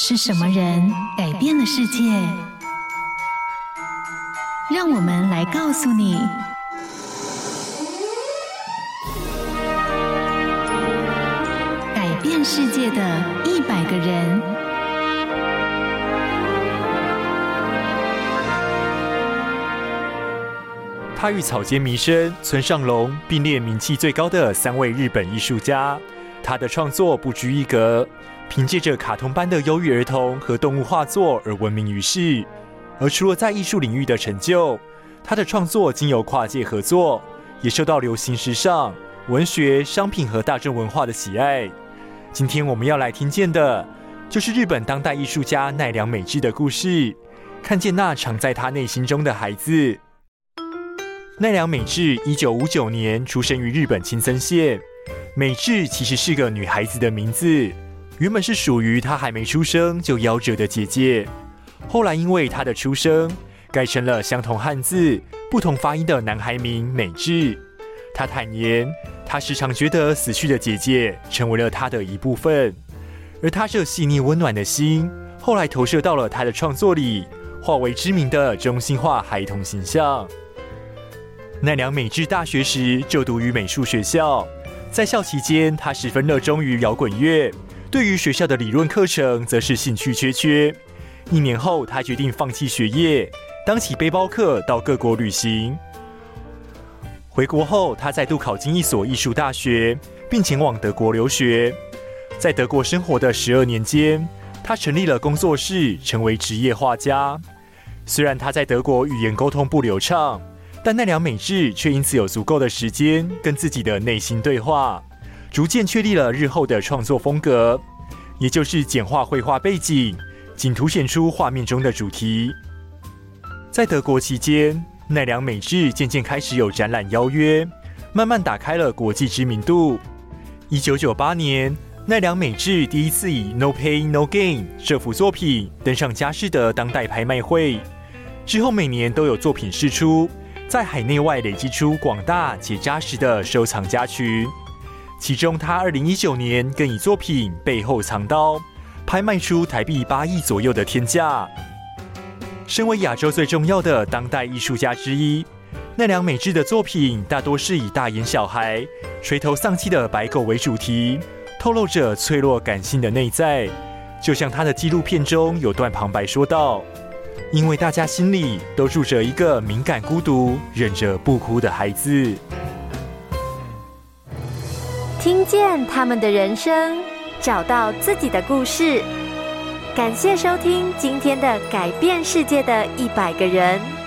是什麼人改變了世界？讓我們來告訴你：改變世界的一百個人。他與草間彌生、村上隆並列名氣最高的三位日本藝術家。他的創作不拘一格，憑借着卡通般的憂鬱兒童和動物畫作而聞名於世。而除了在藝術領域的成就，他的創作經由跨界合作，也受到流行時尚、文學、商品和大眾文化的喜愛。今天我們要來聽見的，就是日本當代藝術家奈良美智的故事。看見那藏在他內心中的孩子。奈良美智，一九五九年出生於日本青森縣。美智其實是個女孩子的名字，原本是屬於她還沒出生就夭折的姐姐。後來因為她的出生，改成了相同漢字、不同發音的男孩名美智。她坦言，她時常覺得死去的姐姐成為了她的一部分，而她這細膩溫暖的心，後來投射到了她的創作裡，化為知名的中心化孩童形象。奈良美智大學時就讀於美術學校。在校期間，他十分熱衷於搖滾樂，對於學校的理論課程則是興趣缺缺。一年後，他決定放棄學業，當起背包客到各國旅行。回國後，他再度考進一所藝術大學，並前往德國留學。在德國生活的十二年間，他成立了工作室，成為職業畫家。雖然他在德國語言溝通不流暢，但奈良美智卻因此有足夠的時間跟自己的內心對話，逐漸確立了日後的創作風格，也就是簡化繪畫背景，僅凸顯出畫面中的主題。在德國期間，奈良美智漸漸開始有展覽邀約，慢慢打開了國際知名度。一九九八年，奈良美智第一次以《No Pay No Gain》這幅作品登上佳士得當代拍賣會，之後每年都有作品釋出。在海內外累積出廣大且扎實的收藏家群，其中他二零一九年更以作品《背後藏刀》拍賣出台幣八億左右的天價。身為亞洲最重要的當代藝術家之一，奈良美智的作品大多是以大眼小孩、垂頭喪氣的白狗為主題，透露著脆弱感性的內在。就像他的紀錄片中有段旁白說道。因為大家心裡都住着一個敏感、孤獨、忍着不哭的孩子，聽見他們的人生，找到自己的故事。感謝收聽今天的改變世界的一百個人。